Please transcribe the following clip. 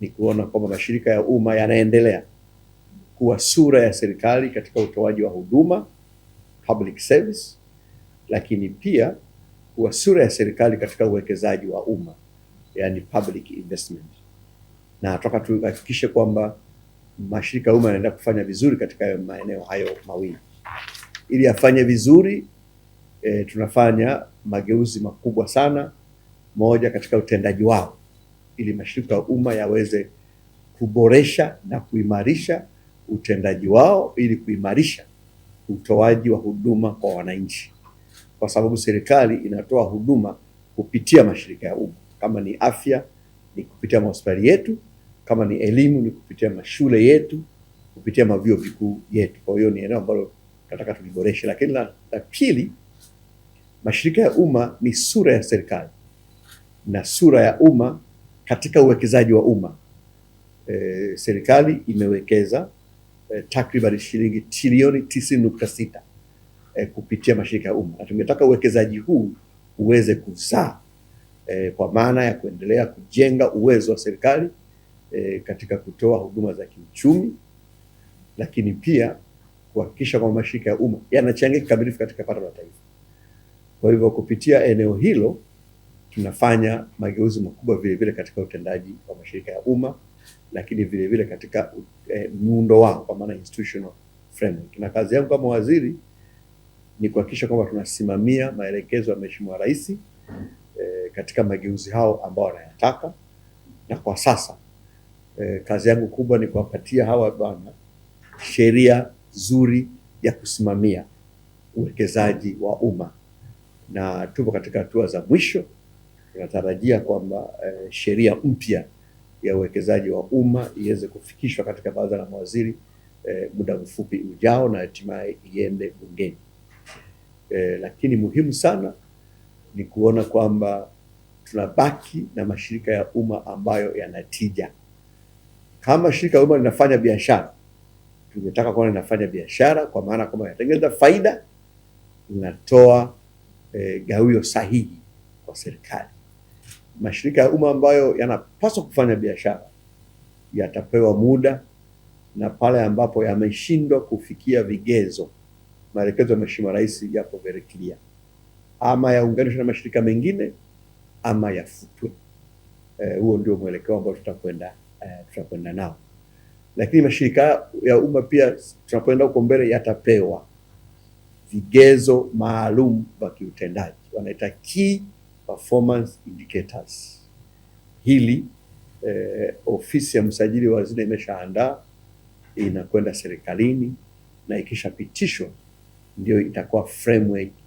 ni kuona kwamba mashirika ya umma yanaendelea kuwa sura ya serikali katika utoaji wa huduma public service, lakini pia kuwa sura ya serikali katika uwekezaji wa umma yani public investment, na nataka tuhakikishe kwamba mashirika ya umma yanaenda kufanya vizuri katika maeneo hayo mawili. Ili afanye vizuri e, tunafanya mageuzi makubwa sana, moja katika utendaji wao ili mashirika ya umma yaweze kuboresha na kuimarisha utendaji wao ili kuimarisha utoaji wa huduma kwa wananchi, kwa sababu serikali inatoa huduma kupitia mashirika ya umma. Kama ni afya ni kupitia mahospitali yetu, kama ni elimu ni kupitia mashule yetu, kupitia mavyuo vikuu yetu. Kwa hiyo ni eneo ambalo tunataka tuliboreshe. Lakini la, la pili, mashirika ya umma ni sura ya serikali na sura ya umma katika uwekezaji wa umma e, serikali imewekeza e, takriban shilingi trilioni tisini nukta sita e, kupitia mashirika ya umma, na tungetaka uwekezaji huu uweze kuzaa e, kwa maana ya kuendelea kujenga uwezo wa serikali e, katika kutoa huduma za kiuchumi, lakini pia kuhakikisha kwamba mashirika ya umma yanachangia kikamilifu katika pato la taifa. Kwa hivyo kupitia eneo hilo tunafanya mageuzi makubwa vile vile katika utendaji wa mashirika ya umma, lakini vile vile katika eh, muundo wao kwa maana institutional framework. Na kazi yangu kama waziri ni kuhakikisha kwamba tunasimamia maelekezo ya Mheshimiwa Rais eh, katika mageuzi hao ambao wanayataka, na kwa sasa eh, kazi yangu kubwa ni kuwapatia hawa bwana sheria nzuri ya kusimamia uwekezaji wa umma na tupo katika hatua za mwisho inatarajia kwamba eh, sheria mpya ya uwekezaji wa umma iweze kufikishwa katika baraza la mawaziri eh, muda mfupi ujao na hatimaye iende bungeni. Eh, lakini muhimu sana ni kuona kwamba tunabaki na mashirika ya umma ambayo yanatija. Kama shirika la umma linafanya biashara, tungetaka kuona linafanya biashara kwa maana kwamba inatengeneza faida, linatoa eh, gawio sahihi kwa serikali mashirika ya umma ambayo yanapaswa kufanya biashara yatapewa muda, na pale ambapo yameshindwa kufikia vigezo, maelekezo ya Mheshimiwa Rais yapo very clear, ama yaunganishwe na mashirika mengine ama yafutwe. Eh, huo ndio mwelekeo ambao tutakwenda eh, tutakwenda nao, lakini mashirika ya umma pia tunapoenda huko mbele yatapewa vigezo maalum vya kiutendaji, wanaita key performance indicators. Hili eh, ofisi ya msajili wa hazina imeshaandaa inakwenda serikalini na ikishapitishwa ndio itakuwa framework